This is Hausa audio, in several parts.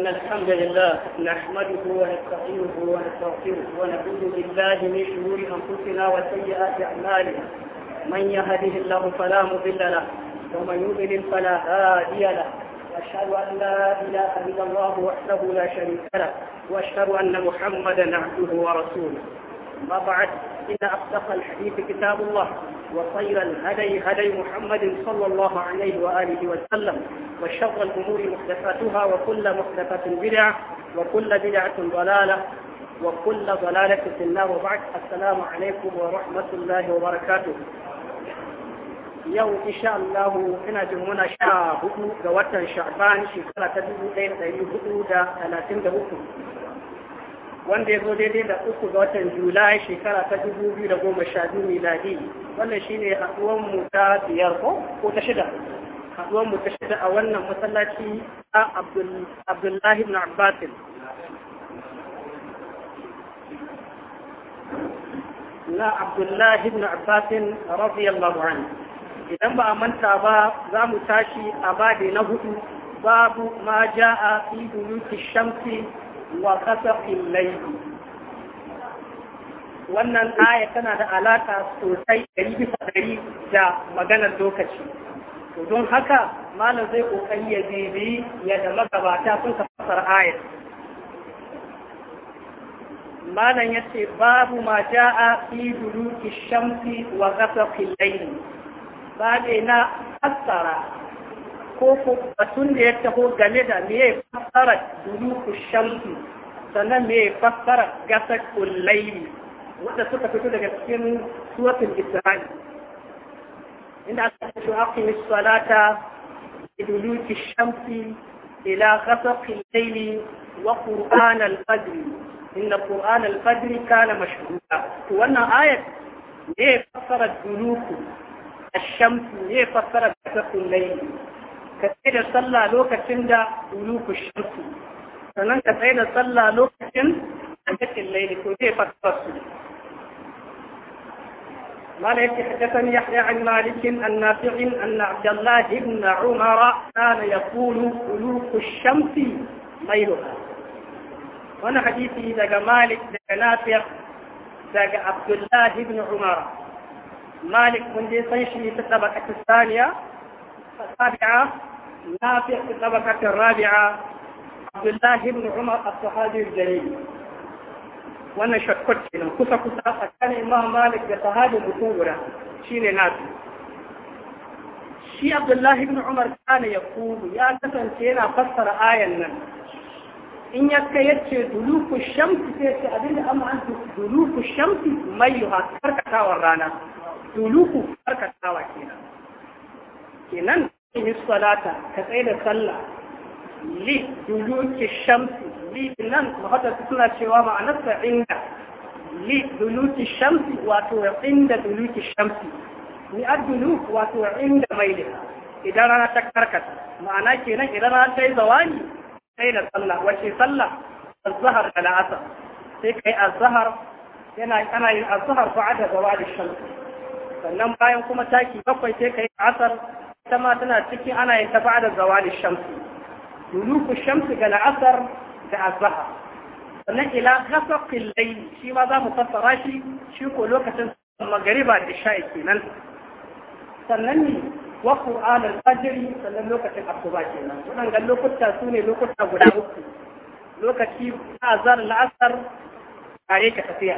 إن الحمد لله نحمده ونستعينه ونستغفره ونعوذ بالله من شرور أنفسنا وسيئات أعمالنا من يهده الله فلا مضل له ومن يضلل فلا هادي له وأشهد أن لا إله إلا الله وحده لا شريك له وأشهد أن محمدا عبده ورسوله ما بعد إن أصدق الحديث كتاب الله وخير الهدي هدي محمد صلى الله عليه وآله وسلم وشر الأمور محدثاتها وكل محدثة بدعة وكل بدعة ضلالة وكل ضلالة في النار وبعد السلام عليكم ورحمة الله وبركاته يوم إن شاء الله هنا جمعنا sha hudu شعبان watan Sha'ban shekara ta dubu wanda ya zo daidai da uku ga watan julai shekara ta dubu biyu da goma sha biyu miladi wannan shine haɗuwan mu ta biyar ko ko ta shida haɗuwan mu ta shida a wannan masallaci a abdullahi ibn abbasin na abdullahi ibn abbasin radiyallahu anhu idan ba a manta ba za mu tashi a bade na hudu babu ma ja'a fi buluki shamsi wa kasafin laifi wannan aya tana da alaka sosai ɗari bisa ɗari da maganar lokaci don haka malam zai kokari ya ya da magabata sun fasar ayar malam ya ce babu ma ja'a fi duluki shamsi wa ghasaqi layli babe na fassara ko ko batun da ya taho game da me fassara duluku shamsi sannan me fassara gasar kullaili wanda suka fito daga cikin suratul isra'i inda aka ce aqimi salata duluki shamsi ila ghasaqi al-layli wa qur'an al-fajr inna qur'an al-fajr kana mashhuda to wannan ayat ne fassara duluku الشمس ليه فسرت ذات الليل ka tsaye da sallah lokacin da uluku shirku sannan ka tsaye da sallah lokacin hajjatin laili ko zai fasfar su قال حدثني يحيى عن مالك النافع أن عبد الله بن عمر كان يقول ألوك الشمس ليلها وانا حديثي دقى مالك دقى نافع دقى عبد الله بن عمر مالك من دي صيشي في الطبقة الثانية السابعة نافع في الطبقة الرابعة عبد الله بن عمر الصحابي الجليل وانا شكرت هنا كسا كسا كان امام مالك بصحابي مصورة شين نافع شي عبد الله بن عمر كان يقول يا كسان كينا فسر آية النم إن يكيت دلوك الشمس تيت أبدا أم أنت دلوك الشمس ميها كركتا ورانا دلوك كركتا وكينا كينا yi salata ka tsaye da sallah li duluki shamsi li nan mahadar suna cewa ma'anarsa inda li duluki shamsi wato inda duluki shamsi ni addulu wato inda mai maili idan rana ta karkata ma'ana kenan idan rana ta yi zawani tsaye da sallah wace sallah azhar da la'asa sai kai azhar yana ana yin azhar ba'da zawali shamsi sannan bayan kuma taki bakwai sai kai asar ita ma tana cikin ana yin tafa da zawalin shamsu duluku shamsu ga la'asar da azbaha sannan ila kasafin lai shi ma za mu fassara shi shi ko lokacin magariba da sha'i kenan sannan ne wa qur'an al-fajr sannan lokacin asuba kenan wadannan lokuta su ne lokuta guda uku lokaci na azar la'asar tare ka tafiya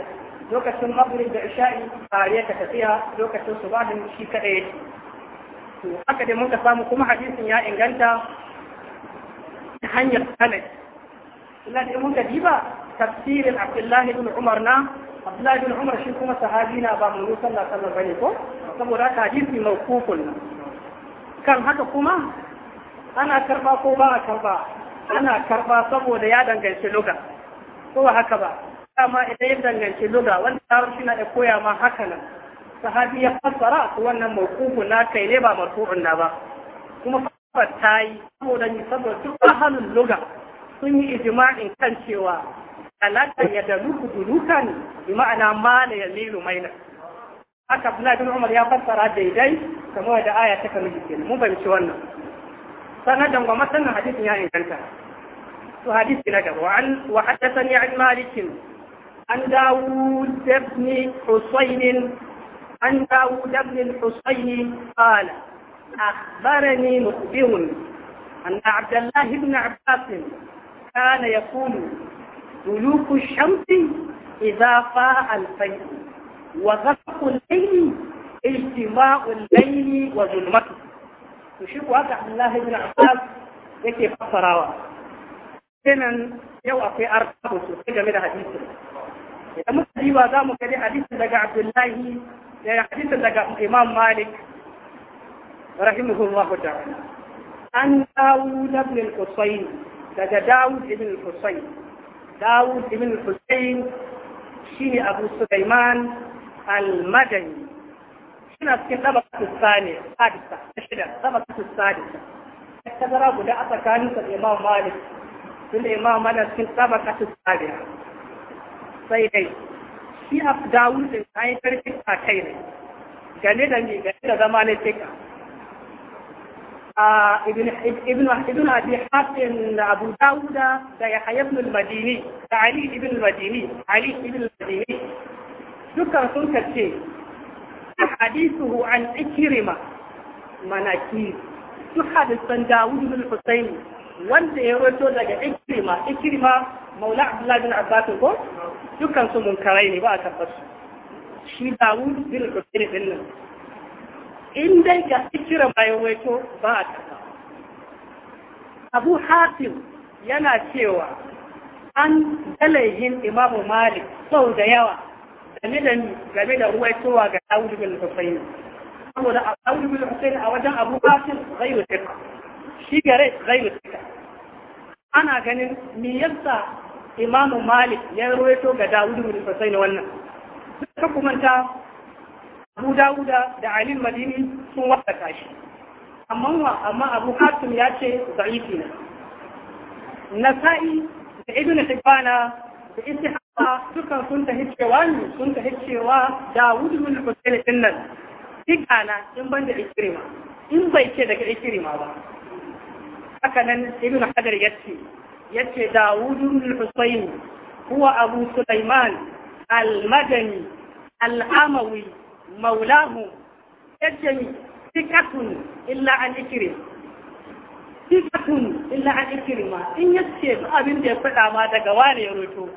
lokacin maghrib da isha'i tare ka tafiya lokacin subahin shi kada yake to haka dai muka samu kuma hadisin ya inganta ta hanyar sanad illa dai ga diba tafsirin abdullahi ibn umar na abdullahi ibn umar shi kuma sahabi na ba mu sallallahu da wasallam bane ko saboda haka hadisi mawqufun kan haka kuma ana karba ko ba a karba ana karba saboda ya danganci luga ko haka ba dama idan ya danganci luga wanda harshe na ya koya ma haka nan sahabi ya fassara su wannan mawqufun na kai ne ba marfu'un na ba kuma ta yi saboda ni saboda duk ahlul luga sun yi ijma'in kan cewa talaka ya da luku ne bi ma'ana ma ya yamilu maina haka Abdullah bin Umar ya fassara daidai kamar da aya ta kamar jikin mun fahimci wannan da ga masanin hadisin ya inganta to hadisi na gaba an wa haddathani an malikin an dawud ibn husayn عن داود بن الحسين قال أخبرني مخبر أن عبد الله بن عباس كان يقول دلوك الشمس إذا فاء الفجر وغرق الليل اجتماع الليل وظلمته تشوف واقع عبد الله بن عباس يكي fassarawa kenan يوقف akwai arzikin sosai game إذا hadisi idan muka diba za mu gani da hadisi daga Imam Malik rahimahullah ta'ala an Dawud ibn al-Husayn daga Dawud ibn al-Husayn Dawud ibn al-Husayn shine Abu Sulaiman al-Madani suna cikin tabakatu sani hadisa ta shida tabakatu sani zara guda a tsakanin sa Imam Malik tunda Imam Malik cikin tabakatu sani sai dai shi a dawun din kayan karfi a kai ne gane da ne gane da zama ne fika ibn ibn abi hasan da abu dawuda da yahya madini da ali madini ali ibn al-madini dukkan sun kace hadithu an ikrima manaki su hadisan dawud ibn al-husayn wanda ya roto daga ikrima maula abdullahi bin abbas ko dukkan su karai ne ba a tabbata shi da dawud bin kusairi din nan in dai ga ikira bayan waito ba a taba abu hatim yana cewa an dalahin imamu malik sau da yawa game da game da ruwaitowa ga dawud bin kusairi saboda dawud bin kusairi a wajen abu hatim zai yi shi gare zai yi ana ganin me yasa imamu malik ya rawaito ga dawudu bin husaini wannan suka kumanta abu dawuda da ali madini sun wasaka shi amma wa amma abu hatim ya ce da'ifi ne nasa'i da ibn tibana da istihaba suka sun ta hicewa ne sun ta hicewa dawudu bin husaini din nan tigana in ban da ikrima in bai ce daga ikrima ba haka nan ibn hajar ya ce yace Dawudu ibn Husayn huwa Abu Sulaiman al-Madani al-Amawi maulahu yace sikatun illa an ikrim sikatun illa an ikrima in yace abin da ya faɗa ma daga wani ya roto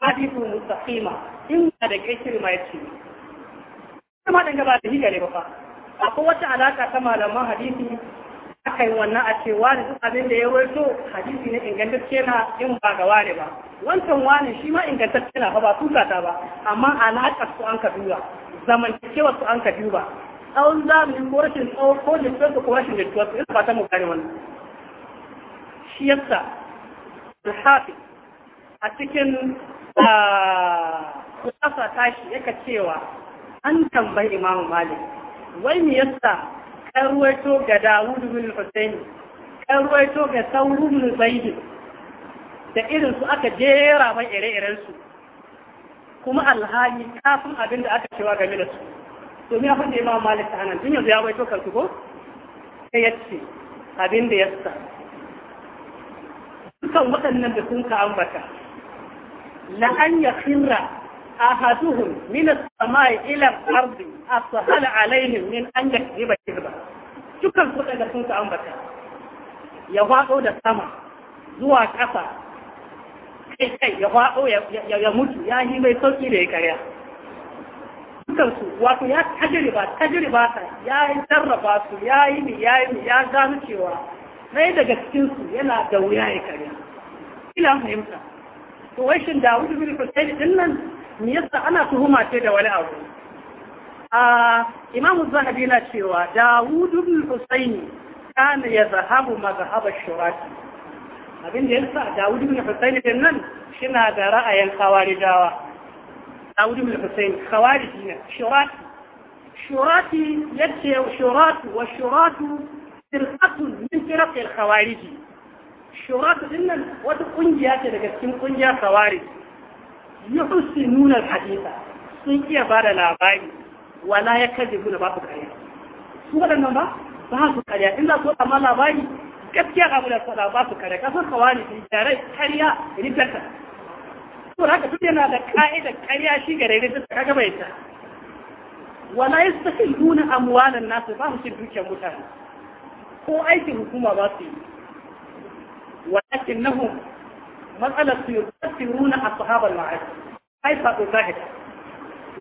hadithu mustaqima in da ikrima yace kuma dan gaba da higare ba fa akwai wata alaka ta malaman hadisi aka yi wannan a ce wani duk abin da ya roito hadisi ne ingantacce na in ba ga wani ba wancan wani shi ma ingantacce na ba tuka ta ba amma alaƙar su an ka duba zamantakewa su an ka duba tsawon zamani ko rashin tsawo ko jituwar ko rashin jituwar su ina ba ta mu gane wannan shi yasa alhafi a cikin kulasa tashi yaka cewa an tambayi imamu malik wai me yasa an ga Dawudu bin Hussein an ga Sauru bin Zaid da irin su aka jera mai ire-iren su kuma alhali kafin abin da aka cewa game da su domin abin da Imam Malik ta hanan tun yanzu ya ruwaito kansu ko sai ya ce abin da ya sa dukan waɗannan da sun ka ambata la an yakhira أحدهم من السماء إلى الأرض أسهل عليهم من أن يكذب كذبا dukkan kuɗaɗe sun ka ambata ya faɗo da sama zuwa ƙasa kai kai ya mutu ya yi mai sauƙi da karya dukkansu wato ya tajriba ta yi sarrafa ya yi mi ya yi cewa ɗaya daga cikinsu yana da wuya ya karya ila fahimta to wai shin da wuce bin kusaini din ni yasa ana tuhuma ce da wani abu a imamu zahabi na cewa da ibn husaini kana ya zahabu mazahaba shurati abin da yasa Dawudu ibn husaini din nan shina da ra'ayin khawarijawa Dawudu ibn husaini khawariji ne shurati shurati yace shuratu wa shuratu firqatun min firaq al-khawarij shuratu din nan wata kungiya ce daga cikin kungiya khawarij yuhsinun al-hadisa sun iya ba da labari wala ya kadibuna ba su kariya su waɗannan ba ba su kariya in za su ma labari gaskiya abu da sada ba su kare kasar kawani sun tare kariya ritarta to haka duk yana da ka'ida kariya shi gare ritarta kaga bai ta wala ya yastakiluna amwalan nasu ba su cin dukiyar mutane ko aikin hukuma ba su yi walakinnahum matsalar su yusafiru na ashabar ma'aikata kai sako zahida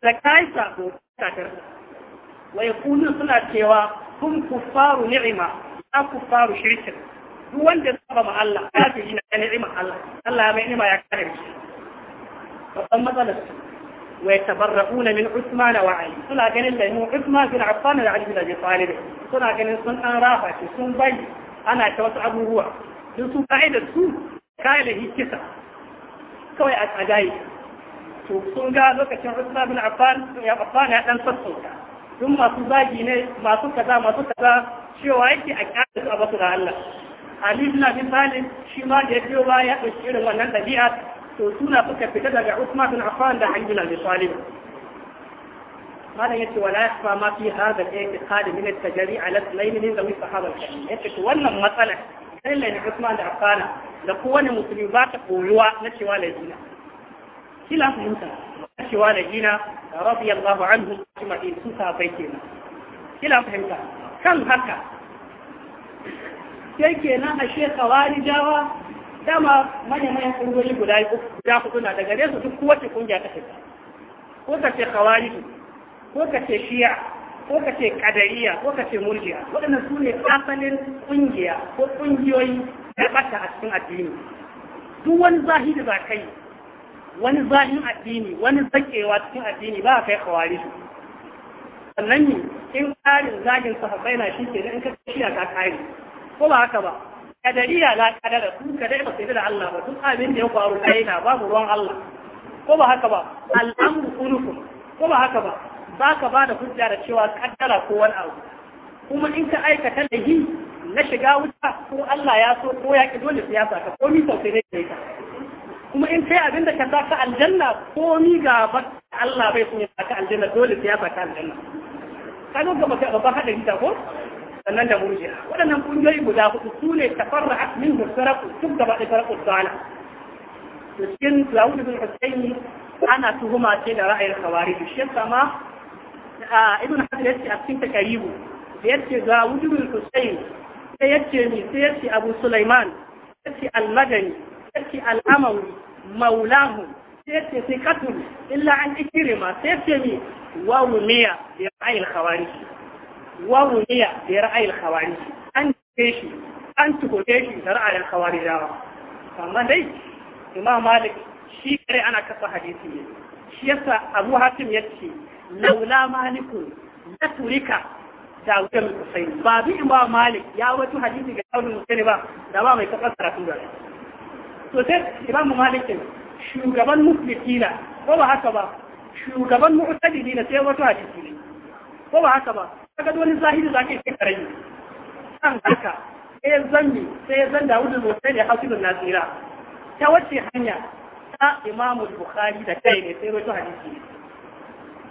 da kai sako kafir wa yaqulun suna cewa kun kuffaru ni'ima ya kuffaru shirkin duk wanda ya saba ma Allah kafiri na ya ni'ima Allah Allah ya mai ya kare shi babban matsalar su wa yatabarrauna min Usman wa suna ganin da mu Usman bin Affan da Ali bin suna ganin an sun bai ana wasu abubuwa duk kayan lahi kisa kawai a gayi to sun ga lokacin Usman bin Affan ya Affan ya dan sassauta duk masu zagi ne masu kaza masu kaza cewa yake a kyale su a basu da Allah Ali bin Abi Talib shi ma da ya biyo ba ya ɗauki irin wannan dabi'a to suna suka fita daga Usman bin Affan da Ali bin Abi Talib malam yace wala yakhfa ma fi hadha al-i'tiqad min al-tajri ala al-laymin zawi sahaba al-karim yace wannan matsalar lallai na Usman da Affana da kowane musulmi ba ta koyuwa na cewa laifina shi la fahimta na cewa laifina radiyallahu anhu ajma'in su sahabbai kenan shi la fahimta kan haka sai kenan a shekawari jawa dama manya-manyan kungiyoyi guda guda hudu na daga gare su duk kowace kungiya ta shiga ko ka ce kawari ko ka ce shi'a ko ka ce kadariya ko ka ce murjiya waɗannan su ne asalin ƙungiya ko ƙungiyoyi na ɓata a cikin addini duk wani zahiri ba kai wani zahirin addini wani zakewa cikin addini ba a kai kawari sannan ne in ƙarin zagin sahabbai na shi ke in ka shiya ka kare. ko ba haka ba kadariya la kadara su kadai ba sai da Allah ba duk abin da ya faru kai na babu ruwan Allah ko ba haka ba al'amru kullukum ko ba haka ba ba ka ba da hujja da cewa kaddara ko wani abu kuma in ka aikata da yi na shiga wuta ko Allah ya so ko ya ki dole siyasa ka komi sauke ne da ita kuma in kai abinda ka sa ka aljanna komi ga Allah bai so ka aljanna dole siyasa ka aljanna ka zo ga baka ba hada gida ko sannan da murjiya waɗannan kungiyoyi guda hudu su ne tafarra'at min husaraku duk gaba da faraku tsala to cikin Dawud bin Husayn ana tuhuma ce da ra'ayin khawarij shi sama ibn hajar yace a cikin takaribu da yace ga wujubul husayn sai yace ni sai yace abu sulaiman yace al-madani yace al-amawi maulahu sai yace sai katul illa an ikrima sai yace mi wa rumiya bi ra'ayil khawarij wa rumiya bi ra'ayil khawarij an shi an tuko shi da ra'ayil khawarijawa amma dai imam malik shi kare ana kafa hadisi ne shi yasa abu hatim yace laula malikun la turika da wutar kusaini ba bi ba malik ya wato hadisi ga yawon kusaini ba da ba mai kasar karatu da to sai imamu malikin shugaban muslimina ko ba haka ba shugaban mu'tadili na sai wato hadisi ne ko ba haka ba Ka kaga wani zahiri zaka kai karayi kan haka sai ya zanni sai ya zanda wudu sosai da hasibun nasira ta wacce hanya ta imamu bukhari da kai ne sai wato hadisi ne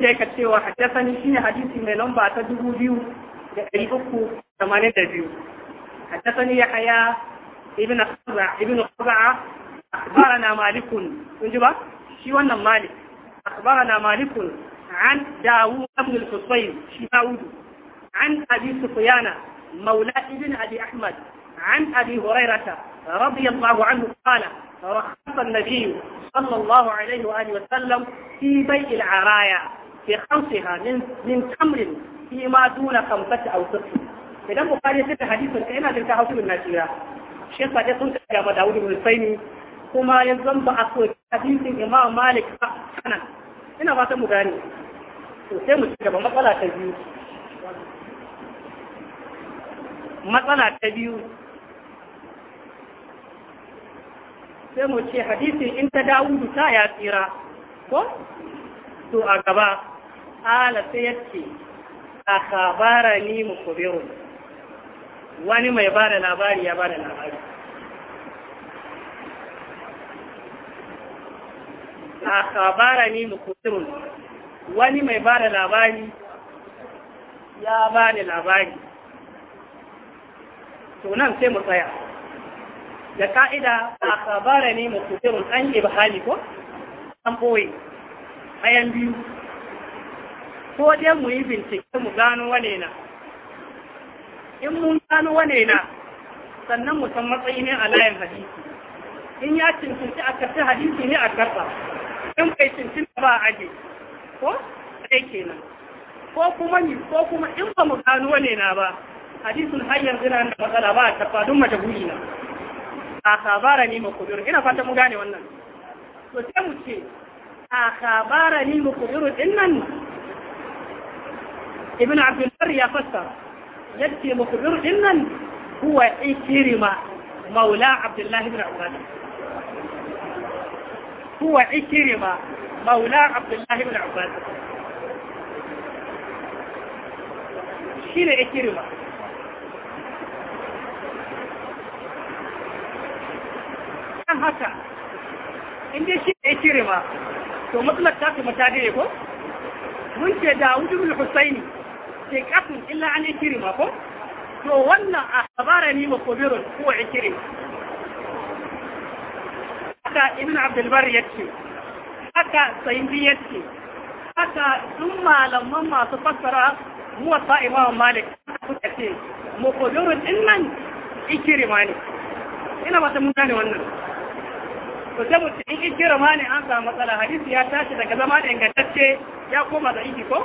sai ka cewa haddasani shine hadisi mai lamba ta dubu biyu da ɗari uku tamanin da biyu haddasani ya haya ibn khuzza ibn khuzza akhbarana malikun kun ji ba shi wannan malik akhbarana malikun an dawud ibn al-husayn shi dawud an abi sufyana مولى ابن أبي أحمد عن أبي هريرة رضي الله عنه قال رخص النبي صلى الله عليه وآله وسلم في بيع العرايا fi khamsiha ha min tamrin fi ma duna khamsati aw sitti idan kare sai da hadisin ka yana da ta hausu bin nasira shi yasa dai sun kaga ma dawud bin saini kuma ya zamba a so hadisin imam malik ba kanan ina fatan mu gane to sai mu ci gaba matsala ta biyu matsala ta biyu sai mu ce hadisin in ta dawudu ta ya tsira ko to a gaba ala sai yace a khabara ni mukbirun wani mai bada labari ya bada labari a khabara ni mukbirun wani mai bada labari ya bada labari to nan sai mu tsaya da ka'ida a khabara ni mukbirun an yi ibhali ko an boye ɗayan biyu ko dai mu yi bincike mu gano wane na in mun gano wane na sannan mu san matsayi ne a layin hadisi in ya cincinci a karfi hadisi ne a karfa in bai cincinta ba a aje ko sai kenan ko kuma ni ko kuma in ba mu gano wane na ba hadisin har yanzu na da matsala ba a karfa duk mata guri na a sabara ne kudur ina fata mu gane wannan to sai mu ce a khabara ni mukubiru dinnan ibn abdullah ya fassara yace mukubiru dinnan huwa ikrima maula abdullah ibn ibn abbas shi ne ikrima kan haka inda shi to matsalar ta kuma ta dire ko mun ce da wujudul husaini ke kafin illa an kiri ko to wannan a habara ni makobirun ko kiri? haka ibn abdulbar yace haka sayyidi yace haka duk malaman masu fassara muwatta imam malik kuka ce makobirun din nan ikirima ne ina ba ta mun gane wannan to sai in in kira mani an samu matsala hadisi ya tashi daga zama da ingantacce ya koma da iki ko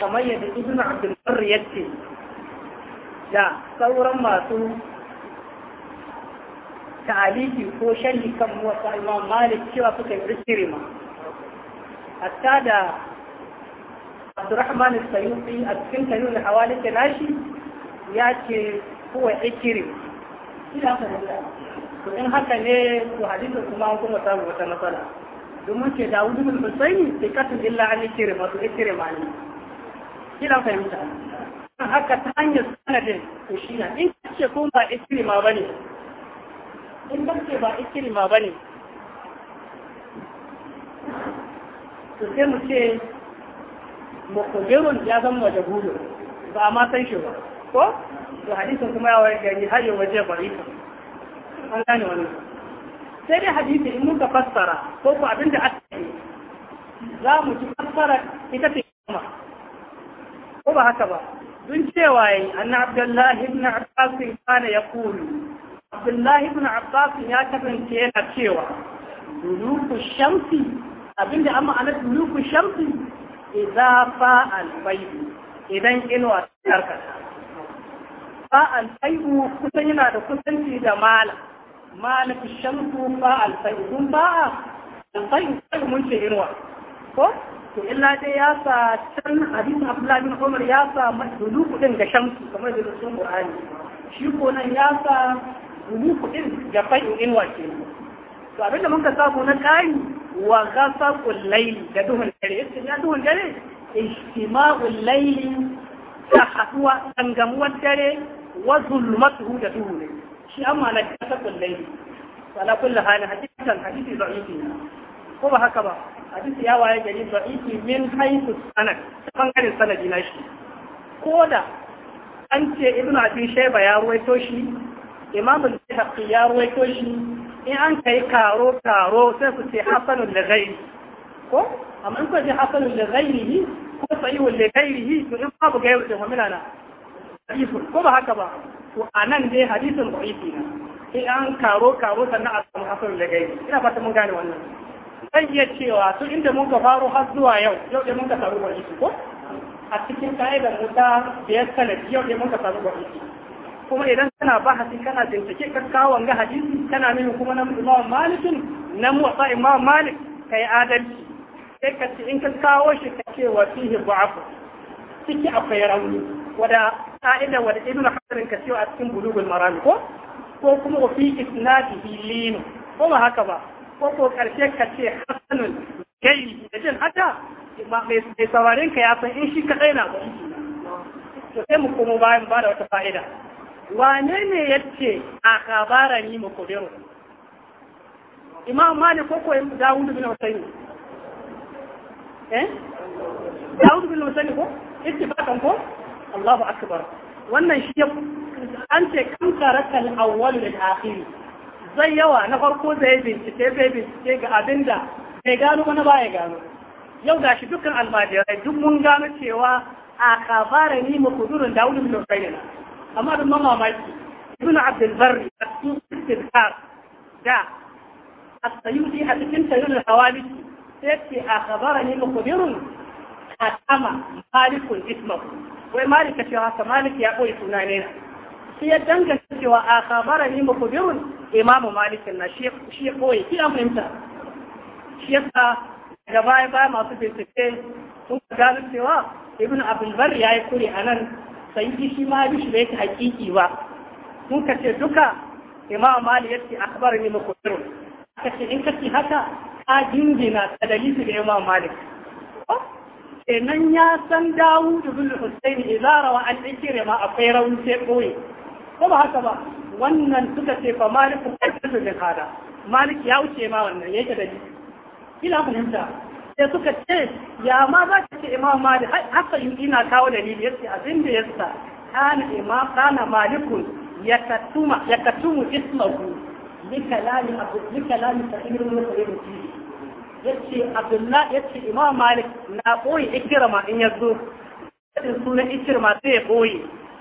kamar yadda ibn abdulbar ya ce da sauran masu ta'aliki ko shalli kan wata imam malik cewa suka yi ma hatta da abdurrahman sayufi a cikin kanun hawalita nashi ya ce kowa ikirim to in haka ne to hadisin kuma an kuma samu wata matsala domin ce da wudu bin husaini sai katin illa an masu ikiri ma ne kila fahimta haka ta hanyar sanadin to shi na in kace ko ba ikirma bane in kace ba ikirma bane to sai mu ce mukubirun ya zama da gudu ba a ma san shi ba ko to hadisin kuma ya wani gari har yau waje ba ita an gane wani sai dai hadisi in muka fassara ko ko abinda aka yi za mu ci fassara ita ce kuma ko ba haka ba sun ce waye anna abdullahi ibn abbas kana ya kulu abdullahi ibn abbas ya kasance yana cewa duluku shamsi abinda amma ana duluku shamsi idza fa'a al-bayt idan inuwa ta karkata fa al-bayt kusan yana da kusanci da mala malaka shamsu fa al-bayt kun ba al-bayt mun ce inuwa ko to illa dai ya sa can hadisin abdullahi bin umar ya sa duluku din ga shamsu kamar da sun qur'ani shi ko nan ya sa duluku din ga fa'in in wace to abinda mun ka samu na kai wa gasa layl da duhun dare yace ya duhun dare ijtima'ul layl ta haduwa dangamuwar dare wa zulmatuhu da duhun dare shi amma na ghasaqul layl ala kulli halin hadisan hadisi da'ifi ko ba haka ba hadisi ya waye gari da'ifi min haythu sanad bangaren sanadi na shi ko da an ce ibn abi shayba ya ruwaito shi imam al-bayhaqi ya ruwaito shi in an kai karo karo sai su ce hasanun da ghairi ko amma in ka ce hasanun da ghairihi ko sahihun da ghairihi to in babu gairu da hamila na ko ba haka ba to anan dai hadisin da'ifi na in an karo karo sannan a samu hasanun da ghairi ina fata mun gane wannan zan iya cewa tun inda muka faru har zuwa yau yau da muka samu gwani ko a cikin ka'idar mu ta biyar sanadi yau da muka samu gwani kuma idan kana hasi kana bincike ka kawo wanga hadisi kana nuna kuma na imam malikin na muwasa imam malik kai adalci sai ka ci in ka kawo shi ka ce wa fihi bu'afu ciki akwai rauni wada ka'ida wada ibnu hajarin ka ce a cikin bulugul marami ko ko kuma wa fi isnadihi linu ko ba haka ba ko ko karshe ka ce hasanun kai da jin haka mai saurarin ka ya san in shi kadai na ba to sai mu komo bayan ba da wata fa'ida wane ne ya ce a kabara ni mu kubiru imam koko ko dawo da bin husayn eh da bin husayn ko kan ko Allahu akbar wannan shi an ce kan karakal al-awwal lil-akhir zai yawa na farko zai bincike zai bincike ga abin da bai gano ba na baya gano yau ga shi dukkan almajirai duk mun gano cewa a kabara ni ma kudurin da wani mutum bayyana amma da mamma maki ibn abdulbar a cikin istilkar da a sayuti a cikin sayurin hawali sai ce a kabara ni ma kudurin a kama malikun ismaku wai malika cewa ka malik ya ɓoye suna ne na shi ya danganta cewa a kabara ni kubirun imamu malikin na shi ya koyi shi an fahimta shi yasa daga baya baya masu bincike sun ga cewa ibn bar ya yi kure a nan sai shi ma bi shi bai ta hakiki ba sun ka ce duka imamu mali ya ce ne ni kubirun aka ce in ka ce haka ka jingina ta dalili da imamu malik oh, kenan ya san dawo ibn husaini idara wa an ikirma akwai rauni sai koyi ko ba haka ba wannan suka ce fa malik kafin da kada malik ya wuce ma wannan yake da ina fahimta sai suka ce ya ma za ka ce imam malik haka ina kawo dalili yace abin da yasa kana imam kana katuma ya katumu ismahu likalami abu likalami sa'ir min sa'ir yace abdullah yace imam malik na boye ikirma in yazo sunan ikirma sai ya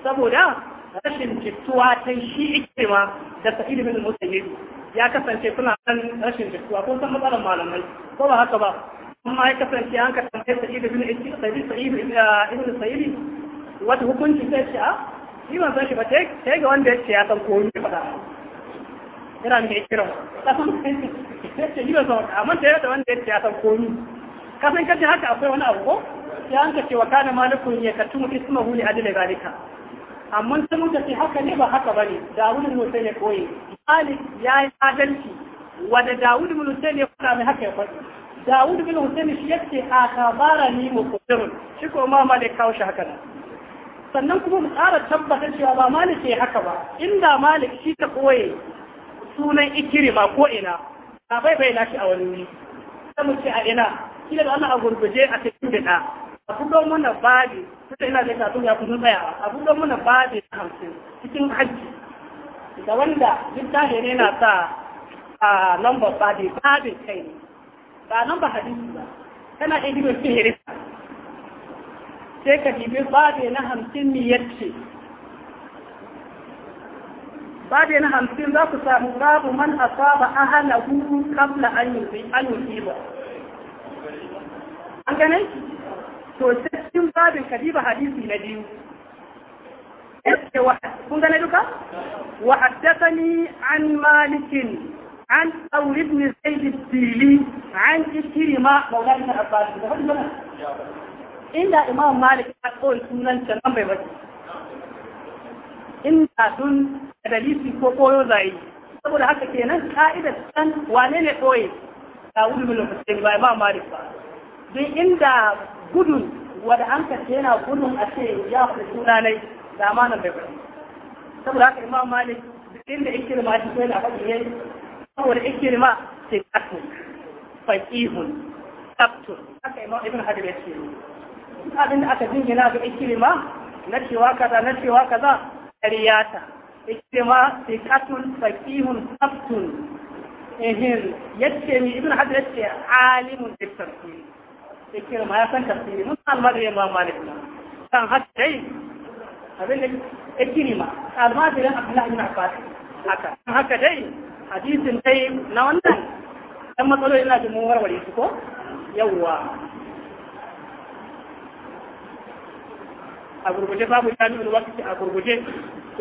saboda rashin jituwa ta shi ikirma da sa'id bin musayyib ya kasance suna kan rashin jituwa kun san matsalar malamai ko ba haka ba amma ya kasance an ka tambaye sa'id bin sa'id sa'id eh, ibn sa'id wata hukunci sai ce a ah, shi ban san shi ba sai ga wanda ya ce ya san komai faɗa yana mai kira sai ce ni ban san wata amma sai da wanda ya ce ya san komai kasan kace haka akwai wani abu ko ya an ka ce wa kana malikun ya katumu ismahu li adli zalika amma ta muka ce haka ne ba haka bane Dawud ibn Hussein ya koyi Malik ya yi adalci wanda Dawud ibn Hussein ya faɗa mai haka ya faɗi Dawud ibn Hussein shi yake a kabara ni mu kudur shi ko ma Malik kawo shi haka nan sannan kuma mu tsara tabbatar cewa ba Malik ya haka ba inda Malik shi ta koyi sunan Ikirima ko ina ba bai bai na shi a wani wuri sai mu ce a ina kila da Allah a gurguje a cikin bid'a Abu domin na bade, tunda ina da kafin ya kusa tsayawa a domin na bade na hamsin cikin hajji da wanda littafi ne na sa a lambar bade babin kai ne ba lambar hadisi ba kana iya gido sihiri sai ka dibi bade na hamsin ne ya ce. Bade na hamsin za ku samu babu man asaba ahalahu qabla an yi yusiba an gane to cikin babin kadiba hadisi na biyu kun gane duka wa haddathani an malikin an aur ibn zaid tili an ikrima maulana ibn abbas inda imam malik ya ko sunan ta nan bai bace inda dun dalisi ko koyo zai saboda haka kenan ka'idar san wane ne koyi ta wudu bin lokacin ba imam malik ba dun inda gudun wanda an kace yana gudun a ce ya fi suna ne zamanin da bari saboda haka imam malik duk inda ikirma shi ko yana faɗi ne saboda ikirma sai kasu faqihun sabtun haka imam ibn hajar ya ce abin da aka jingina ga ikirma na cewa kaza na cewa kaza ƙaryata ikirma sai kasun fakihun, sabtun ehin yace mi ibn hajar ya ce alimun tafsir ma ya san tafsiri mun san almajirin imam malik na kan hatta yi abin da ikirma almajirin abdullah ibn abbas haka kan haka dai hadisin dai na wannan dan matsaloli ina jin mun warware su ko yawwa a gurguje babu jami'in wakati a gurguje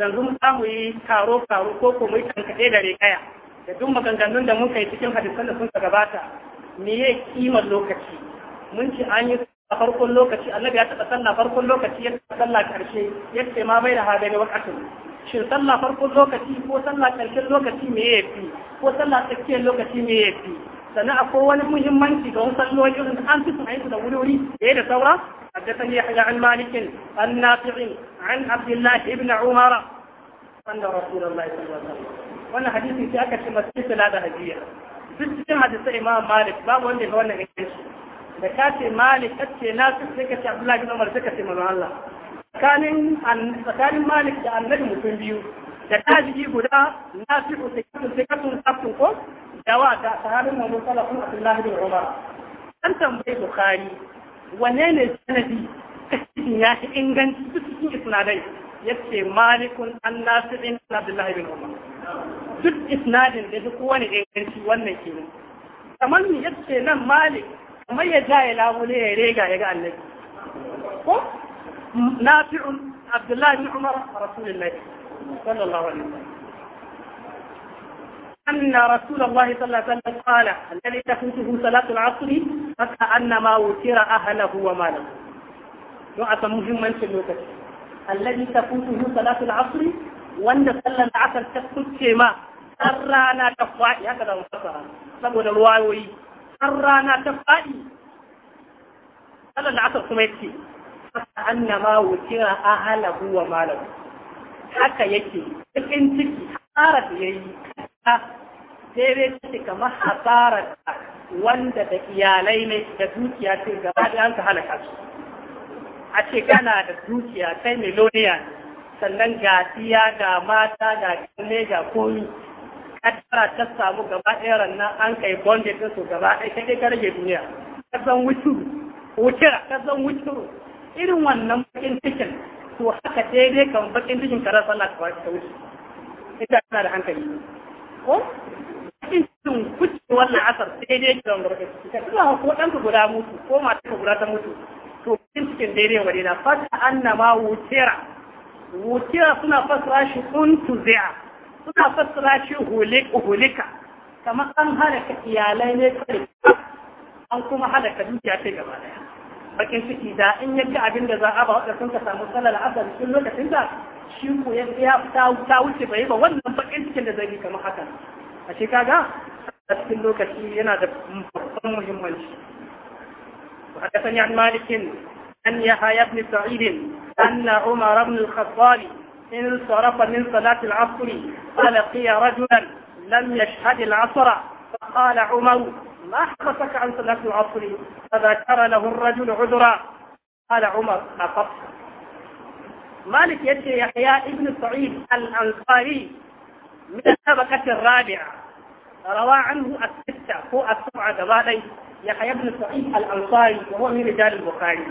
yanzu mu yi taro taro ko ko mu yi tankaɗe da rekaya da duk maganganun da mun kai cikin hadisan da sun gabata me ya kimar lokaci mun ci an yi a farkon lokaci annabi ya taɓa sallah farkon lokaci ya taɓa sallah ƙarshe ya ce ma bai da hada ne wakatun shin sallah farkon lokaci ko sallah ƙarshen lokaci me ya fi ko sallah tsakiyar lokaci me ya fi sannan akwai wani muhimmanci ga wasu salloli da an fi sunayen da wuri-wuri da da saura حدثني يحيى عن مالك عن نافع عن عبد الله بن عمر أن رسول الله صلى الله عليه وسلم وانا حديثي في أكثر مسجد لا هدية في حديث إمام مالك باب وانا وانا da ka ce malik ka ce nasu sai ka ce abdullahi bin umar sai ka ce manzon Allah tsakanin tsakanin malik da annabi mutum biyu da tajiji guda na nasu sai ka sai ka sun sabtun ko dawa da sahabin manzon sallallahu alaihi bin umar an tambayi bukhari Wane ne sanadi kasirin ya fi inganci duk cikin isnadai ce malikun an nasu bin abdullahi bin umar duk isnadin da duk wani inganci wannan kenan kamar ni yace nan malik kamar ya jaye labule ya rega ya ga annabi ko nafi'un abdullahi bin umar rasulullahi sallallahu alaihi wasallam anna rasulullahi sallallahu alaihi wasallam qala alladhi takuntuhu salatu al-'asr fa anna ma utira ahlahu wa malahu to a san muhimmancin lokaci alladhi takuntuhu salatu al-'asr wanda sallan ta'asar ta kuce ma har rana ta kwa ya kada mu fasara saboda ruwayoyi har rana ta faɗi Allah da aka kuma yake haka anna ma a halabu wa malahu haka yake cikin ciki hasara da yayi sai dai take kama hasara wanda da iyalai ne da dukiya ce gaba da an ka halaka su a ce kana da dukiya kai miloniya sannan ga tiya ga mata da kanne ga komi kaddara ta samu gaba ɗaya rannan an kai bonde ɗin su gaba ɗaya sai ka rage duniya ka zan wucuru wucira ka zan wucuru irin wannan bakin cikin to haka daidai kan bakin cikin karar sallah ka ta wuce ita tana da hankali ko bakin cikin kuce wannan asar daidai kan bakin cikin kuma ko ɗan ka guda mutu ko mata ka guda ta mutu to bakin cikin daidai wa daidai fata annama wucira wucira suna fasara shi kuntu zi'a suna fassara shi hulika kamar an halaka iyalai ne kare an kuma halaka dukiya ce gaba daya bakin ciki da in yanka abin da za a ba wadda sun ka samu salar asar cikin lokacin da shi ko ya ta wuce bai ba wannan bakin cikin da zai kamar haka a shi kaga a cikin lokaci yana da babban muhimmanci وحدثني عن مالك أن يحيى بن سعيد أن عمر بن الخطاب انصرف من صلاة العصر فلقي رجلا لم يشهد العصر فقال عمر ما حدثك عن صلاة العصر فذكر له الرجل عذرا قال عمر أقصت مالك يدي يحيى ابن سعيد الأنصاري من الطبقة الرابعة روى عنه الستة هو السبعة دبالي يحيى بن سعيد الأنصاري وهو من رجال البخاري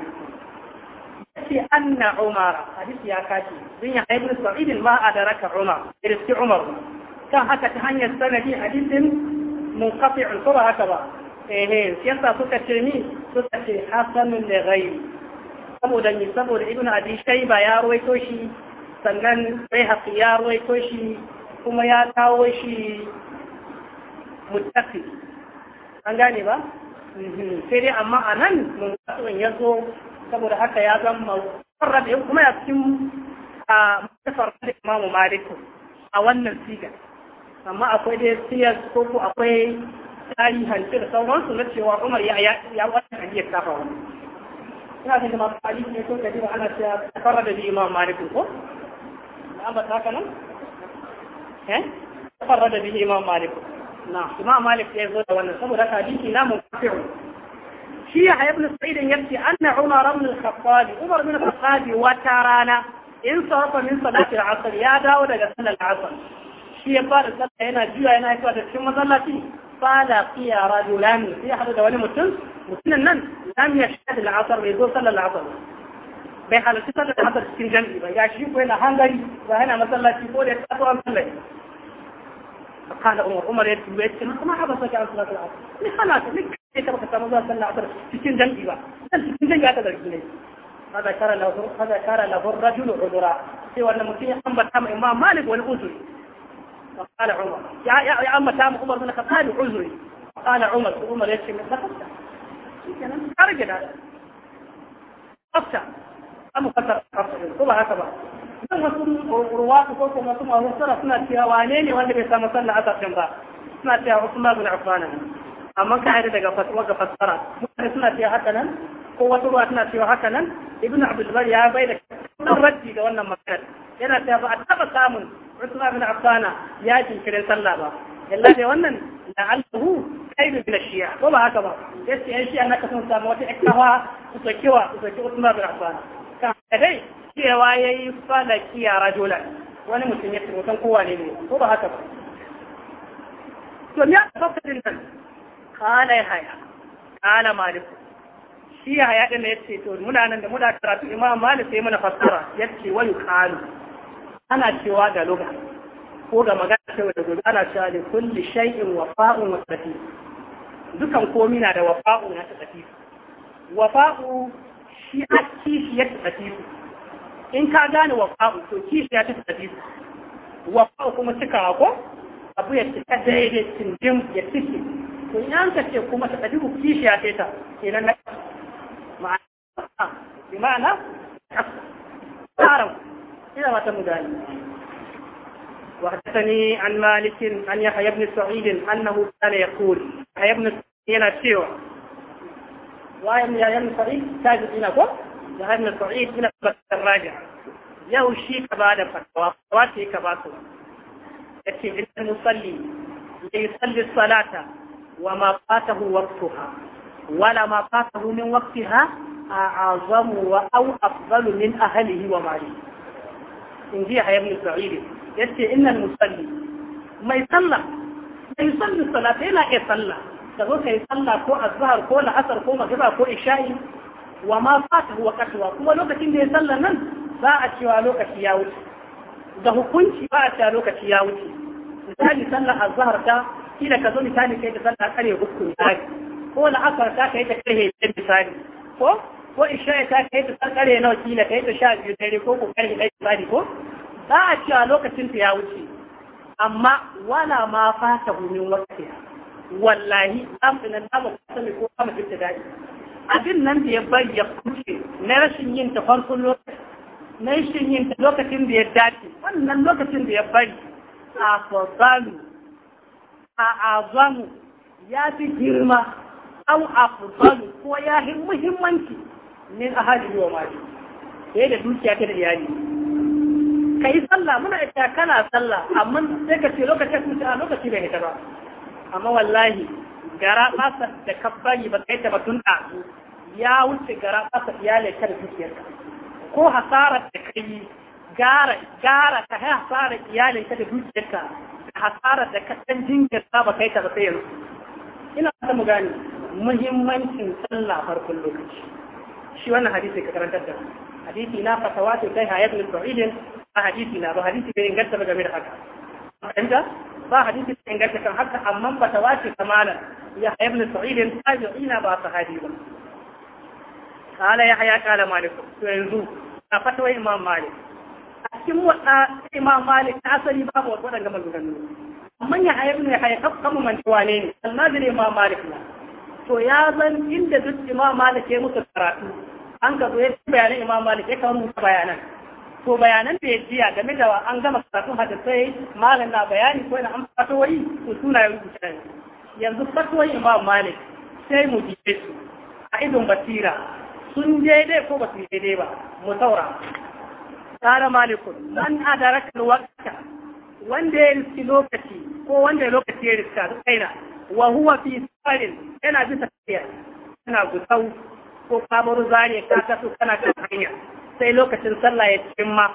ce anna umara hadisi ya kace dun ya ibn sa'id ma adaraka umar irsi kan haka ta hanyar sanadi hadisin munqati' al ba eh eh yasa suka ce ni suka ya ruwaito shi sannan sai haƙi ya ruwaito shi kuma ya kawo ba mhm. sai dai amma anan ya zo saboda haka ya zama farrad in kuma ya cikin a da imamu Malik a wannan siga amma akwai dai siyas ko ko akwai hancin da sauransu na cewa Umar ya ya wannan hadiyar ta faru ina ga zama Ali ne ko ba ana cewa farrad da imamu Malik ko na ba ta kanan eh farrad da imamu Malik na imamu Malik ya zo da wannan saboda hadisi na mun kafiru يا ابن سعيد يبكي أن عمر بن الخطاب عمر بن الخطاب وترانا انصرف من صلاة العصر يا داود صلى العصر الشيعة بعد صلى هنا جوا هنا يكوا تكشم مظلتي فلقي رجلان في أحد دواني متن متن النن لم يشهد العصر ويقول صلى العصر bai الشيخ sallar asar cikin jami'i ba ya shi ko yana hangari ba yana masallaci قال عمر عمر يتبعت ما حبسك عن صلاة العصر لخلاص لك sai ka baka samu zuwa sallah asar cikin jam'i ba dan cikin jam'i aka zargi ne hada kara lahu hada kara lahu rajulu udura sai wannan mutum ya ambata ma imam malik wal uzuri قال عمر يا يا يا عم تام عمر بن الخطاب عذري قال عمر عمر يكفي من سكت خرج هذا أفتح أم فتر أفتح كما هكذا dan wasu ruwatu ko kuma wasu mawursara suna cewa wane ne wanda bai samu sallah asar ba suna cewa Usman bin Affan amma ka haɗu daga fasuwa fassara mutane suna cewa haka nan ko wata ruwa suna cewa haka nan ibn abdulbar ya bai da kan raddi da wannan maganar yana cewa ba a taɓa samun usman bin affana ya jinkirin sallah ba yalla dai wannan la'allahu kaidu bil shi'a ko ba haka ba yace ai shi'a naka sun samu wata ikawa su sakewa su sake usman bin affana kan dai cewa yayi falaki ya rajulan wani mutum ya mutum kowa ne ne ko ba haka ba to ya aka fakkar nan kana ya haya kana maliku shi ya haya din da yace to muna nan da muna karatu imam malik sai muna fassara yace wani kana ana cewa ga lugha ko ga magana cewa da gobe ana cewa da kulli shay'in wafa'un wa tafi dukan komi na da wafa'un na tafi wafa'u shi a kishi ya tafi in ka gane wafa'u to kishi ya tafi wafa'u kuma cikawa ko abu ya cika daidai jim ya ciki ko yan ka ce kuma ta dubu kishi ya ce ta kenan na ma'ana bi ma'ana وحدثني عن مالك عن يحيى بن سعيد انه كان يقول يحيى بن سعيد يلا سيو واي من يحيى بن سعيد تاج الدين اكو يحيى بن سعيد من بكر الراجع يا وشي كبار فتوى واتي كباسو يكفي المصلي يصلي الصلاه وما فاته وقتها ولا ما فاته من وقتها أعظم أو أفضل من أهله وماله إن جي حيا بن سعيد يتي إن المصلي ما يصلى ما يصلي الصلاة إلا يصلى تقول يصلى كو الظهر كو العصر كو مغرب كو إشائي وما فاته وقتها كما لوكتين دي يصلى نن باعت شوى لوكتي ياوتي ده كنت باعت شوى لوكتي ياوتي misali sallar azhar ta shi da ka zo misali kai da sallah kare uku misali ko la'asar ta kai ta karhe biyar misali ko ko isha ta kai ta kare nawa kila kai ta sha biyu dare ko ko kare ɗaya misali ko za a cewa lokacin ta ya wuce amma wala ma fata min waqtiha wallahi am dinan da mu kasance ko kama fitta daɗi. abin nan da ya bari ya kushe na rashin yin ta farkon lokaci na rashin yin ta lokacin da ya dace wannan lokacin da ya bari a fadalu ya fi girma. أعظم يا في جرمة أو أفضل ويا هم مهمنك wa أهله وماله sai da dukiya ta da iyali ka yi sallah muna ita kana sallah amma sai ka ce lokacin ce a ah, lokaci bai ta ba amma wallahi gara basa da kabbali ba kai ta batun ɗazu ya wuce gara basa iyalai ka da dukiyarka ko hasarar da kai gara gara ka hasarar iyalai ka da dukiyarka hasarar da kasan ta ba kai ta ba yanzu ina ta mu gani muhimmancin sallah farkon lokaci shi wannan hadisi ka karanta da hadisi na fatawa ce kai hayat min ba'idin ba hadisi na ba hadisi bai inganta ba game da haka fahimta ba hadisi bai inganta kan haka amma fatawa ce kamala ya hayat min ba'idin tabi'ina ba sahabi ba kala malik to yanzu. ينزو فتوى imam malik cikin wadda imam malik ta asali babu wasu waɗanda maganganu amma ya haya ne ya haya kaf man wane ne annabin imam malik na to ya zan inda duk imam malik ya musu karatu an ka zo ya ci bayanan imam malik ya kawo musu bayanan to bayanan da ya jiya game da an gama karatun sai malam na bayani ko ina an wai, to suna ya rubuta yanzu wai imam malik sai mu je su a idon basira sun daidai ko ba su daidai ba mu saura قال مالك من أدرك الوقت wanda ya riski lokaci ko wanda ya lokaci ya riska duk kaina wa huwa fi sarin yana bisa tafiya yana gusau ko kamar zane ka taso kana kan hanya sai lokacin sallah ya cimma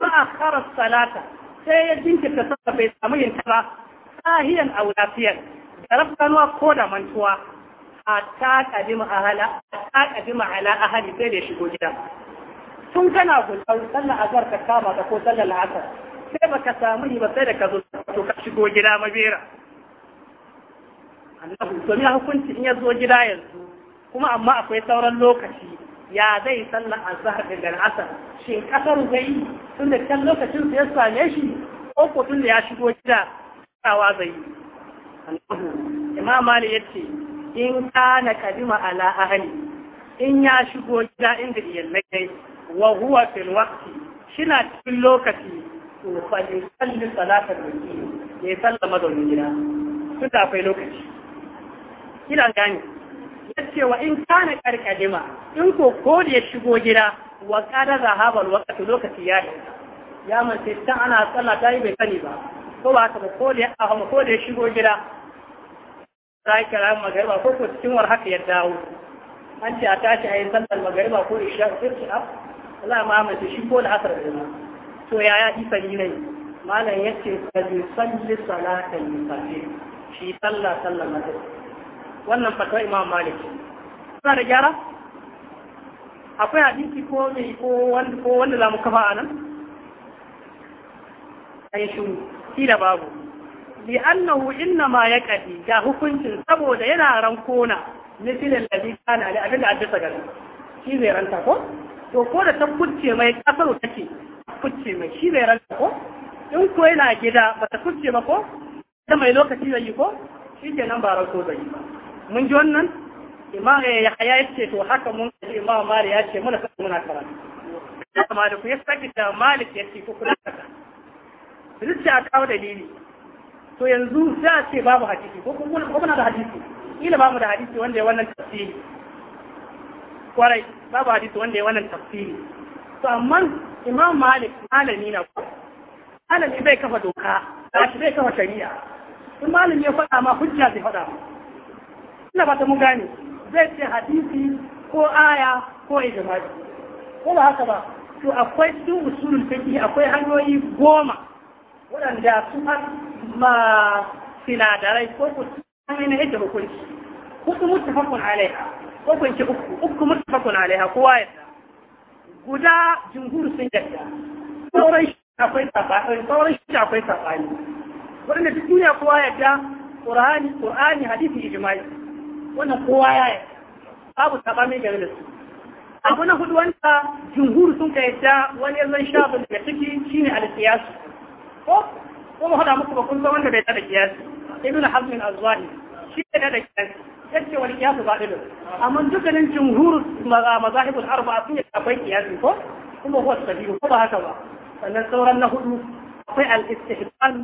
a kara salata sai ya jinkirta sallah bai samu yin ta sahiyan a lafiyan da rafkanuwa ko da mantuwa hatta kadima a hatta kadima ala ahali sai da shigo gida tun kana gulɓar sallar azhar ka kama ka ko sallar la'asar sai baka samu yi ba sai da ka zo to ka shigo gida mabera annabi to ya hukunci in ya zo gida yanzu kuma amma akwai sauran lokaci ya zai sallar azhar da la'asar shin kasar zai tun da kan lokacin ya same shi ko ko tun da ya shigo gida kawa zai imam ya yace in kana kadima ala ahli in ya shigo gida inda iyalai wa huwa fil waqti shina cikin lokaci to fa ne salli da wuki ne sallama da gida tun da akwai lokaci kina gani yace wa in kana karkadima in ko ko da ya shigo gida wa kada zahabal waqti lokaci ya ya mace ta ana sallah ta yi bai sani ba ko ba ta ko da ya ko da ya shigo gida sai kira magariba ko ko cikin war haka ya dawo an ce a tashi a yi sallar magariba ko isha sai ah, Allah ma mace shi ko la'asar da yana to ya isa yi ne malam ya ce ka bi salli salatan musafi shi sallah na mata wannan fatwa imam malik suna da gyara akwai hadisi ko mai ko wanda ko wanda zamu kafa anan ai shuru shi da babu li annahu innama yaqdi Da hukuncin saboda yana rankona misilin ladhi kana ali abinda addasa gari shi zai ranta ko to ko da ta kucce mai kasar take kucce mai shi bai ranta ko in ko yana gida ba ta kucce ba ko da mai lokaci da yi ko shi ke nan ba rauto da yi ba mun ji wannan imam eh, ya haya ya ce to haka mun kaji imam mari ya ce muna kasa muna karanta amma da ku ya saki da malik ya ce ko kuna kasa duk da kawo dalili to yanzu za a ce babu hadisi ko kuma muna da hadisi ila babu da hadisi wanda ya wannan tafsiri kwarai babu hadisi wanda ya wannan tafsiri to amma imam malik malami na ko malami bai kafa doka ba shi bai kafa shari'a in malami ya faɗa ma hujja zai faɗa ina ba ta mu gane zai ce hadisi ko aya ko ijma'i ko ba haka ba to akwai duk usulun fiqh akwai hanyoyi goma waɗanda su ma sinadarai ko ku san ne hukunci hudu muttafaqun alaiha ko uku uku mutafakun alaiha kowa yadda guda jumhur sun yadda sauran shi akwai tsakani sauran shi akwai tsakani wanda duk duniya kowa ya yadda qur'ani qur'ani hadisi ijma'i wannan kowa ya yadda babu tsakani game da su abu na hudu wanda jumhur sun ka yadda wani yanzan shafin da ciki shine al ko ko mu hada muku ba kun san wanda bai tada kiyasi ibn hazm al-azwani shi ne da kiyasi yace wal qiyas zalim amma dukkanin jumhur mazahibul arba'a sun yi akwai kiyasu. ko kuma huwa sabiru ko ba haka ba sannan sauran na hudu akwai al istihban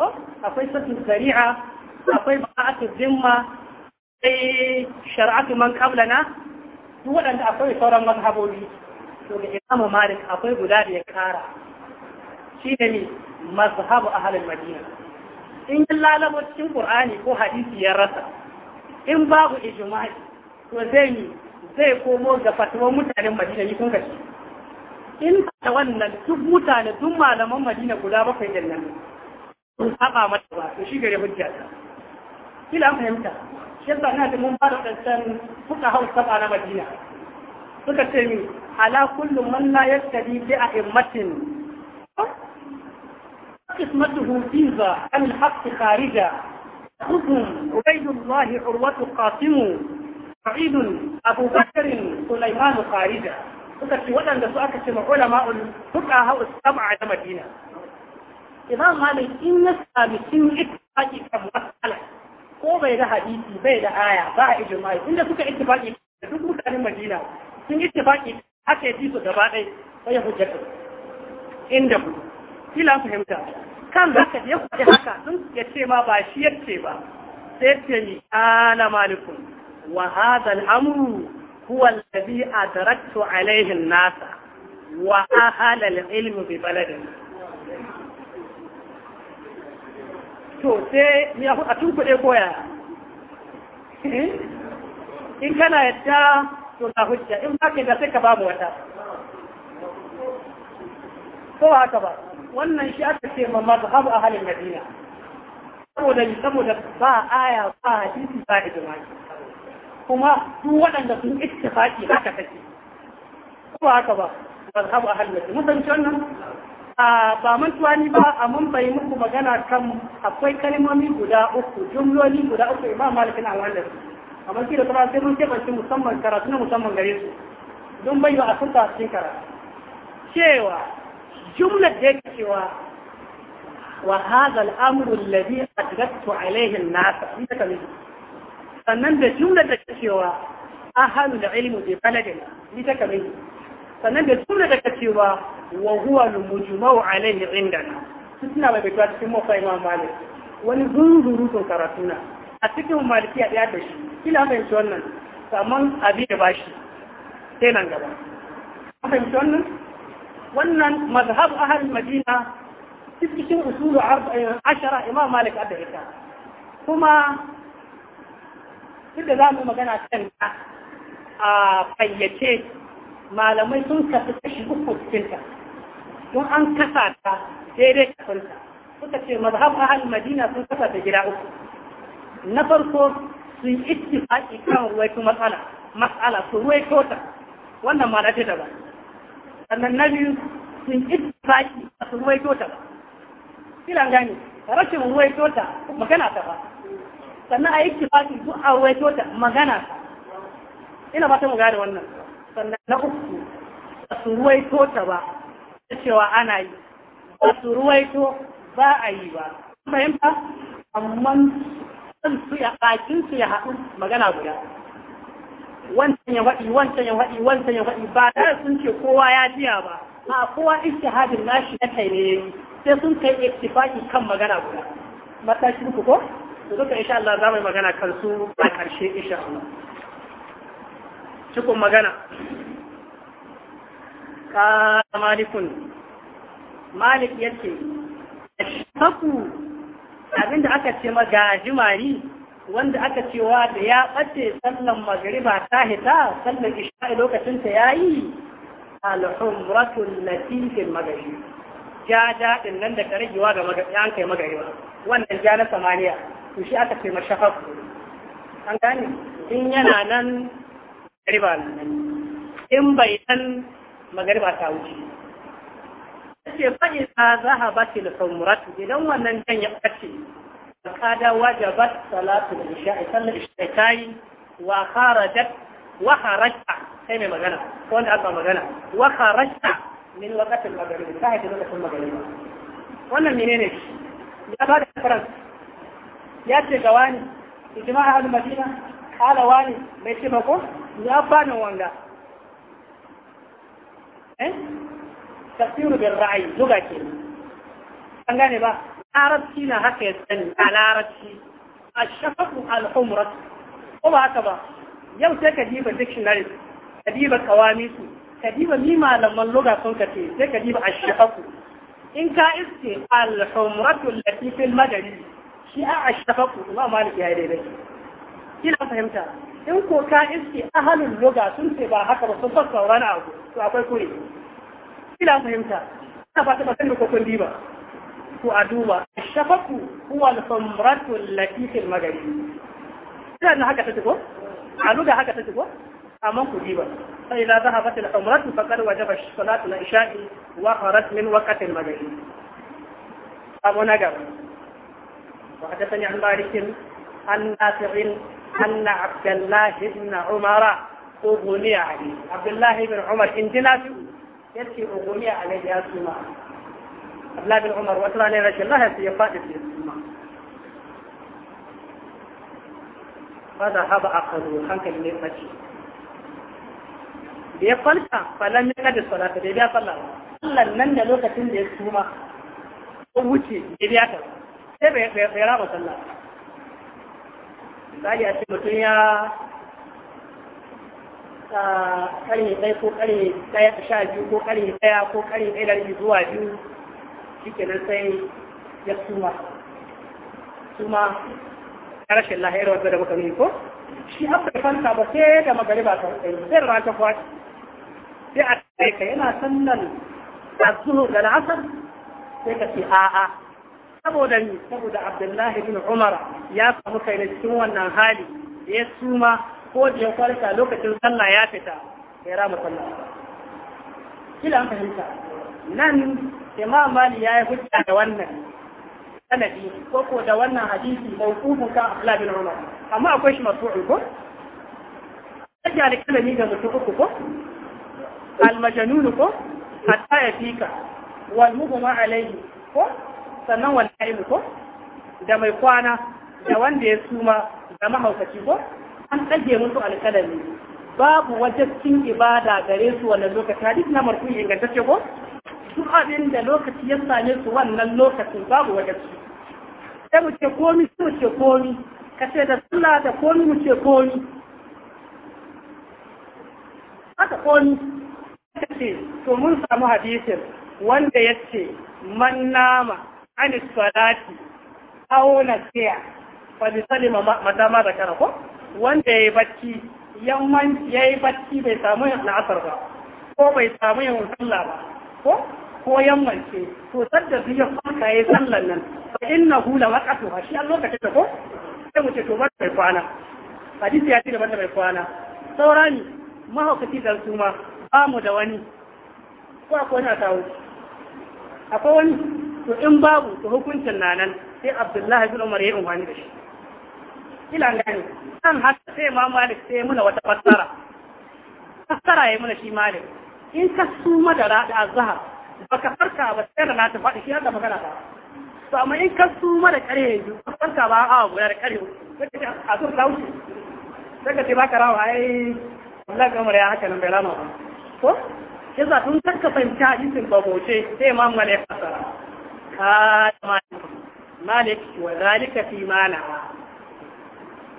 ko akwai sattu sari'a akwai ba'atu zimma akwai shar'atu man qablana duk waɗanda akwai sauran mazhabobi to ga imamu malik akwai guda da ya kara shi ne ne mazhabu ahalin madina in yi lalabo cikin qur'ani ko hadisi ya rasa in babu ijimai, to zai yi zai komo ga fatuwar mutanen madina yi kun kashi in da wannan duk mutane duk malaman madina guda bakwai da nan sun saba mata ba to shi gare hujja ta kila an fahimta shi yasa ina da mun ba da wadancan fuka hau saba na madina suka ce ni ala kullum man la yattadi bi a'immatin قسمته فيها an الحق kharija عبيد الله عروة قاسم سعيد أبو بكر سليمان خارجة suka ce waɗanda su aka ce ma'ula ma'ul suka hau saba na madina idan malai in sami kan ko bai da hadisi bai da aya ba a ijma'i inda suka ittifaki da duk mutanen madina sun ittifaki haka ya ji su gaba ɗaya sai ya hujjata inda ku kila fahimta kan da ya kuɗi haka sun ya ce ma ba shi ce ba sai ce ni ana malikun wa hadha al-amru huwa alladhi adraktu alayhi an-nasa wa ahla al-ilm bi baladin to sai ya a tun kuɗe koya eh? in kana yadda to na hujja in ba ka da sai ka ba mu wata ko haka ba wannan shi aka ce ma a ahalin madina saboda saboda ba aya ba hadisi ba ijma'i kuma duk waɗanda sun ittifaqi haka take ko haka ba mazhab ahalin madina mun san a ba mantuwa ni ba mun bai muku magana kan akwai kalmomi guda uku jumloli guda uku imam malikin alwandar amma shi da kuma sai mun shi musamman karatu na musamman gare su don bai a sun cikin karatu cewa jumlar da yake cewa wa hadha al-amru alladhi alayhi an inda sannan da jumlar da yake cewa ahalu al-ilm bi baladina inda kami sannan da jumlar da yake cewa wa huwa al-mujma'u alayhi indana suna bai baituwa cikin mafa imam malik wani zunzuru karatuna a cikin ɗaya da shi kila fahimci wannan abin da ba shi sai nan gaba fahimci wannan wannan mazhab ahal madina cikin usulu ashara imam malik adda ita kuma inda za mu magana kan a fayyace malamai sun kasu kashi uku ta don an kasa ta daidai ta suka ce mazhab ahal madina sun kasa ta gida uku na farko sun ittifaqi kan ruwaito matsala matsala su ruwaito ta wannan ma na ta ba sannan na biyu sun ittifaki a sun ruwai tota ba kila gani rashin ruwai tota magana ta ba sannan a yi ittifaki duk a ruwai tota magana ta ina ba ta mu gane wannan sannan na uku a su ruwai tota ba ta cewa ana yi sun su to ba a yi ba fahimta amma sun su ya bakin su ya haɗu magana guda wancan ya faɗi wancan ya faɗi wancan ya faɗi ba da sun ce kowa ya jiya ba a kowa ijtihadin nashi na kai ne sai sun kai ittifaqi kan magana guda matashi ku ko to duka insha Allah za mu magana kan su a karshe insha Allah cikin magana ka malikun malik yace shaku abinda aka ce ma gajimari wanda aka cewa da ya ɓace sallan magariba ta hita sallan isha'i lokacin ta yayi alhumratul latifin magari ja ja din nan da karegewa ga magari an kai magariba wannan ja na samaniya to shi aka ce mashafaf an gane in yana nan magariba nan in bai nan magariba ta wuce ce ba idza da humratu idan wannan jan ya ɓace فقد وجبت صلاة العشاء صلى العشاء تاي وخرجت وخرجت كيف مغنى كون أبا مغنى وخرجت من وقت المغرب انتهت من وقت المغرب wannan menene shi ya ba da reference ya ce ga wani ijma ahal madina kala wani mai ce mako ya ba ni wanga eh tafsiru bil ra'yi zuga ke an gane ba larabci na haka ya sani a larabci a shafafu al'umrat ko ba haka ba yau sai ka diba dictionary ka diba kawami su ka diba mi malaman loga sun ka ce sai ka diba a shafafu in ka iske al'umratu latifin madari shi a shafafu ba maliki ya yi daidai na fahimta in ko ka iske ahalin loga sun ce ba haka ba sun fasa wani abu to akwai kure na fahimta ina fata ba ku a duba shafaku huwa al-samratu allati fil maghrib ina na haka take ko a luga haka take ko amma ku ba sai idza dhahabat al-umrat faqad wajaba salatu al-isha'i wa kharat min waqti al-maghrib amma na gaba وحدثني عن مالك عن نافع أن عبد الله بن عمر أغني عليه عبد الله بن عمر إن جناسه يأتي أغني عليه يا suma. أبلا بن عمر وأسرى لي رجل الله في قائد لي هذا هذا أخذ وخانك لي رجل بيقل كان فلم يكاد الصلاة بيبيا صلى صلى لمن لوكة لي إيه، سوما ووتي بيبيا صلى سيبي بيرا وصلى قال يا سيمتويا ka kare ne sai ko kare sai ya sha biyu ko kare sai ya ko kare sai da zuwa biyu shi kenan sai ya suma suma ya rashin lahiyar wadda da muka nuni ko shi haka da fanta ba sai da ba ta kai sai rana ta kwaci sai a kai ka yana sannan a zuhu da la'asar sai ka ce a'a saboda ni saboda abdullahi bin umar ya samu kai na cikin wannan hali ya suma ko da ya kwarka lokacin sallah ya fita ya rama sallah kila an fahimta nan imam mali ya yi hujja da wannan sanadi ko ko da wannan hadisi mawqufun kan Abdullah bin Umar amma akwai shi marfu'un ko hujja da kalami ga mutum uku ko al-majnun ko hatta fika wal mughma alayhi ko sannan wal na'im ko da mai kwana da wanda ya suma da mahaukaci ko an ɗage musu alkalami babu wajen cin ibada gare su wannan lokaci hadisi na marfu'i ingantacce ko su abin da lokaci ya same su wannan lokacin babu wadaci sai mu ce komi su ce komi ka ce da sallah da komi mu ce komi haka komi ka ce to mun samu hadisin wanda ya ce man nama an salati aw nasiya fa bi salima mata ma zakara ko wanda yayi bacci yamman yayi bacci bai samu na asar ba ko bai samu yin sallah ba ko ko yammance to sadda biya ya farka yayi sallan nan fa innahu la waqatuha shi a lokacin da ko sai mu ce to bar bai kwana hadisi ya ce da banda kwana saurani mahaukaci da su ma ba mu da wani ko akwai wani tawo akwai wani to in babu to hukuncin na nan sai abdullahi bin umar ya umarni da shi ila gani kan haka sai ma malik sai muna wata fassara fassara ya muna shi malik in ka suma da rada azhar baka farka ba sai na ta faɗi shi haka magana ba to amma in ka suma da kare yanzu, ka farka ba awa guda da ƙarfe a sun laushi sai ka ce baka rawa ai Allah ga mura ya haka nan bai rama ba ko shi za tun karka fahimci hadisin ba bauce sai imam malik fasara ka malik malik wa zalika fi mana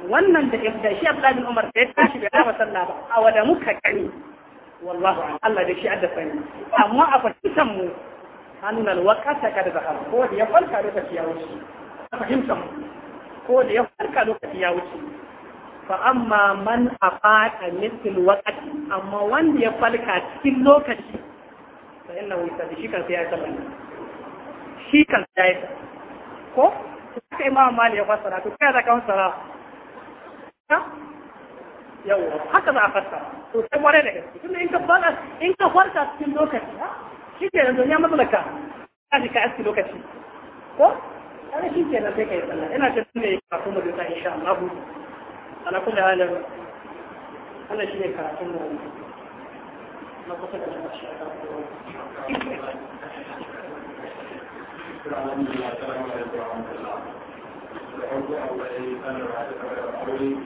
wannan da shi Abdullahi Umar sai tashi bai rama sallah ba a wada muka gani wallahu an Allah da shi adda sani amma a fahimtar mu hannun alwakata ka da zahar ko da ya farka lokaci ya wuce a fahimtar mu ko da ya farka lokaci ya wuce fa amma man afata mithl waqti amma wanda ya falka cikin lokaci fa innahu yusabbi shi kan sai ya sallama shi kan sai ya ko sai imam mali ya fassara to kai za ka fassara yawa haka za a farka to sai kwarai da gaske tunda in ka fara in ka farka cikin lokaci shi ke nan duniya matsalaka ka shi ka aski lokaci ko kana shi ke nan sai ka yi sallah ina ta tunne ka kuma da insha Allah ala kulli halin wannan shi ne karatun mu na kusa da shi Thank you.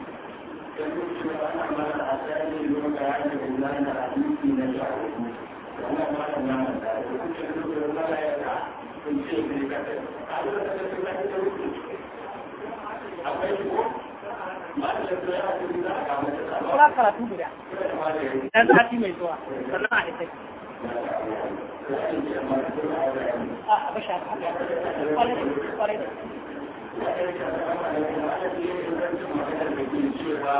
Kura karatu guda, ɗan sati mai zuwa, sannan a A cewa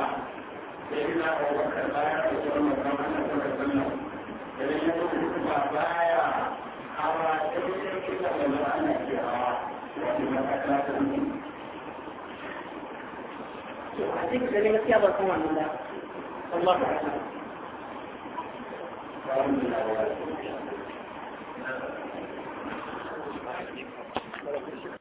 da ina abubakar baya da tsoron mutum ana tsoron sannan idan ya zo kuma baya hawa ta wajen kila wanda ana ke hawa wanda na kasa ta mutu. to a cikin da ne gaskiya ba san wannan ba Allah ka kasa. Thank you.